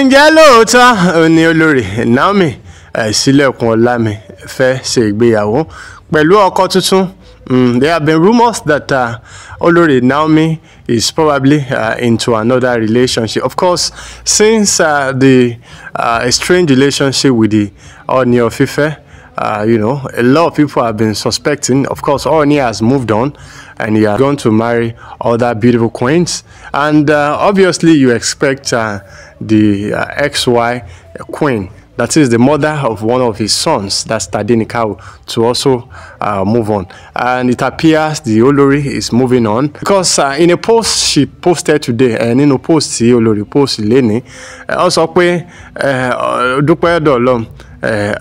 ǹjẹ́ lóòótọ́ ni olórí naomi sílẹ̀kùn eh, ọ̀làmì fẹ́ ṣe ìgbéyàwó pẹ̀lú ọkọ tuntun hmm, there have been rumours that uh, Olori Naomi is probably uh, into another relationship. Of course, since uh, the uh, strange relationship with the Ooni of uh, you know, a lot of people have been suspecting. Of course, Orni has moved on and he has gone to marry other beautiful queens. And uh, obviously, you expect uh, the uh, XY queen, that is the mother of one of his sons, that's Tadinikau, to also uh, move on. And it appears the Olori is moving on because uh, in a post she posted today, and in a post, the Olori post Leni, also, Dupe Dolom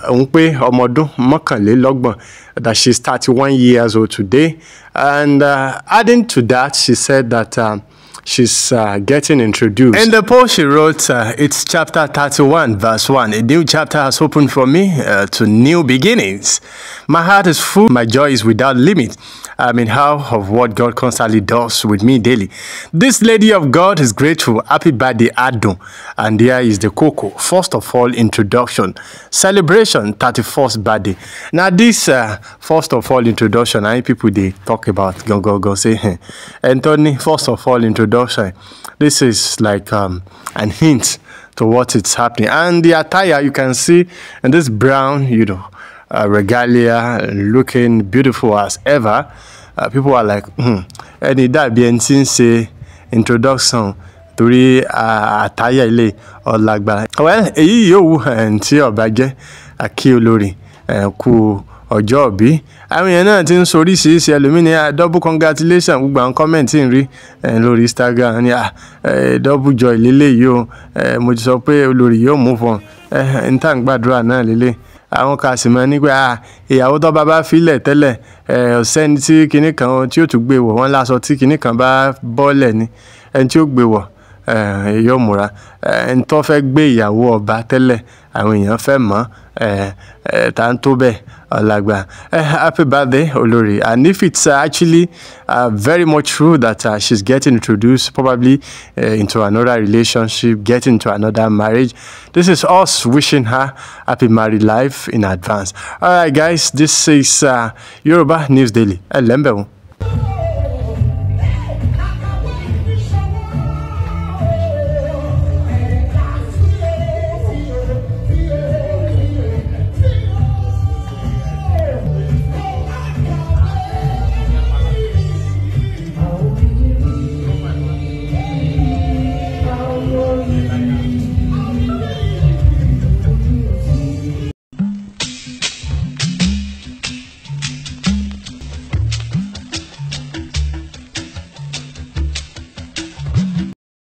òun pé ọmọ ọdún that she's thirty-one years old today and uh, adding to that she said that. Uh, she's uh, getting introduced. In the post she wrote, uh, it's chapter 31, verse 1. A new chapter has opened for me uh, to new beginnings. My heart is full, my joy is without limit. i mean, how of what God constantly does with me daily. This lady of God is grateful. Happy birthday, Ado. And there is the cocoa. First of all, introduction. Celebration, 31st birthday. Now this, uh, first of all, introduction, I people they talk about, go, go, go, say, Anthony, first of all, introduction. introduction. This is like um, an hint to what it's happening. And the attire you can see in this brown, you know, uh, regalia looking beautiful as ever. Uh, people are like, hmm, ẹni dàbí ẹni tí ń ṣe uh, attire torí or lagba. Well, you and your tí a key àkí and cool ọjọ́ òbí àwọn èèyàn náà ti ń soríṣiríṣi ẹlòmíì ní double congratulation gbogbo àwọn kọ́mẹ̀ntì ń rí lórí Instagram ní double joy lélẹ́yìí o mo ti sọ pé olórí yóò move on n tá n gbàdúrà náà lélẹ́yìí àwọn kan sì máa ní pé ìyàwó tó bá bá filẹ̀ tẹ́lẹ̀ ọ̀sẹ́ni tí kinní kan tí ó tún gbé wọ̀ wọ́n láṣọ tí kinní kan bá bọ́ọ̀lẹ̀ ni ẹni tí ó gbé wọ̀ Eh, yóò eh, ẹni tó fẹ́ gbé ìyàwó ọba tẹ́lẹ̀ àwọn èèyàn fẹ́ mọ̀ eh, ta ń tó bẹ́ẹ̀ ọ̀làgbà happy birthday olórí and if it's uh, actually uh, very much true that uh, she's getting introduced probably uh, into another relationship getting into another marriage this is us wishing her happy married life in advance all right guys this is uh, Yoruba News Daily ẹ lẹ́ńbẹ̀wọ̀n.